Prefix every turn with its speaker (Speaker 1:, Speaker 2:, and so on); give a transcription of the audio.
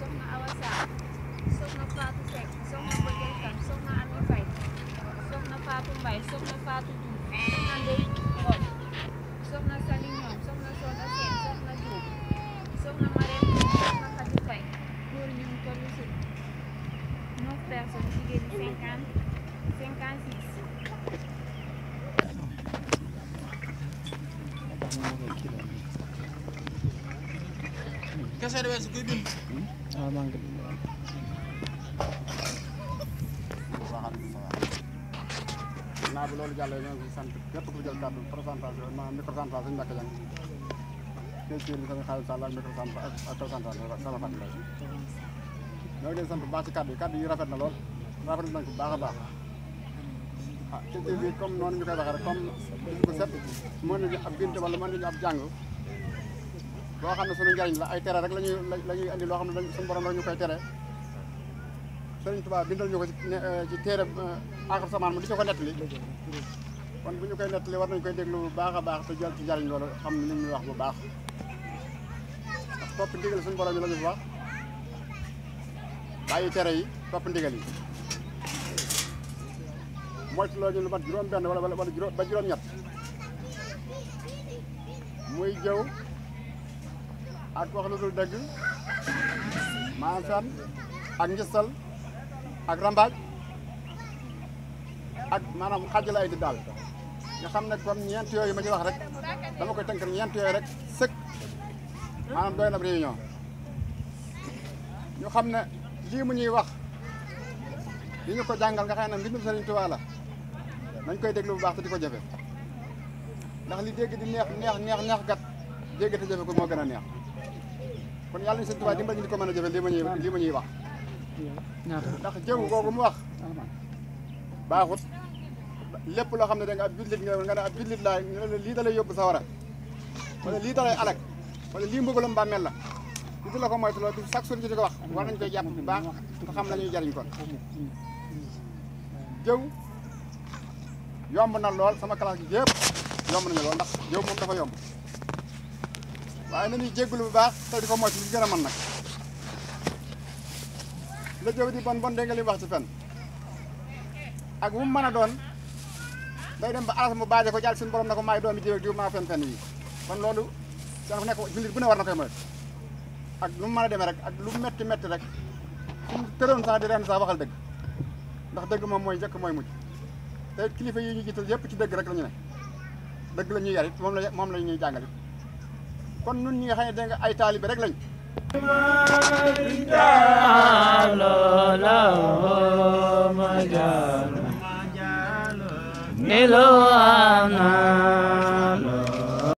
Speaker 1: soxna Awa Sarr soxna Fatou Seck soxna Mbodjee Kan soxna Ami Faye soxna Fatou Mbaye soxna Fatou Diouf soxna Ndeye Ngom soxna Sali Ñoom soxna Soda Sène soxna Diouf soxna Marème Diouf soxna Khady Faye góor ñu ngi toll si neuf personnes jigéen ñi cinquante cinquante six Quer saber se cuidando? naa bi loolu jàllee ñoo ngi sant képp ku jël kàddu pourcentage maanaam microcentrage suñu Mbacke Diagne question bi sama xaalis Sall ak microcentrage ak pourcentage sama Fatou Mbaye ñoo ngi sant bu baax ci kàddu yi kàddu yi rafet na lool rafet nañ ko bu baax a baax ah te bi comme noonu ñu koy waxee rek comme bis bu set mën nañu ab génte wala mën nañu ab jàng loo xam ne sunu njariñ la ay tere rek lañuy la ñuy andi loo xam ne sunu borom rek ñu koy tere Sëriñ Tuubaa bindal ñu ko ci euh, téere euh, Aaxiru Zamaan mu di ñu ko nettali kon bu ñu koy nettali war nañ koy déglu bu baax a baax te jël ci njariñ loolu xam ne li wax bu baax ndax topp ndigal suñu borom yi la ñu fi wax bàyyi tere yi topp ndigal yi moytu loo ñu lu mat juróom benn wala wala juróom ba juróom ñett muy jëw ak wax lu dul dëgg maanaam fen ak njistal ak rambaaj ak maanaam xaajal ay di daal nga xam ne comme ñeenti yooyu ma ñu wax rek dama koy tënk ñeenti yooyu rek sëkk maanaam doy na réunion ñu xam ne lii mu ñuy wax li ñu ko jàngal nga xam ne mbindum Sëriñ Tuubaa la nañ koy déglu bu baax te di ko jafe ndax li dégg di neex neex neex neex gat dégg jafe ko moo gën a neex kon yàlla nañu sëñ Tuubaa dimbal ñu di ko mën a jëfe li ma ñuy li ma ñuy wax ndax jëmu googu mu wax baaxut lépp loo xam ne da nga ab jullit nga nga ne ab jullit laa lii dalay yóbbu sawara wala lii dalay alak wala lii mbugalam mbàmmeel la li la ko moytu loolu chaque jour ñu di ko wax war nañ koy jàpp bu baax nga xam la ñuy jariñ kon jëw yomb na lool sama classe bi yëpp yomb nañu lool ndax jëw moom dafa yomb waaye nañuy jéggulu bu baax te di ko mocc li gën a mën nag la jóg di bon bon dégg wax ci fen ak mu mën doon day dem ba alas mu baaje ko jaal suñu borom na ko maay doomi jiw ak jiw maa fen fen yi kon loolu dana ko nekk jullit bu ne war na koy moytu ak lu mu mën a rek ak lu metti metti rek su mu tëroon sax di ren sax waxal dëgg ndax dëgg moom mooy njëkk mooy mujj te kilifa yi ñu jiital yëpp ci dëgg rek la ñu ne dëgg la ñuy yar moom la moom ñuy jàngal kon nun ñi nga xam ne dégg nga ay taalibe rek lañ nilo ana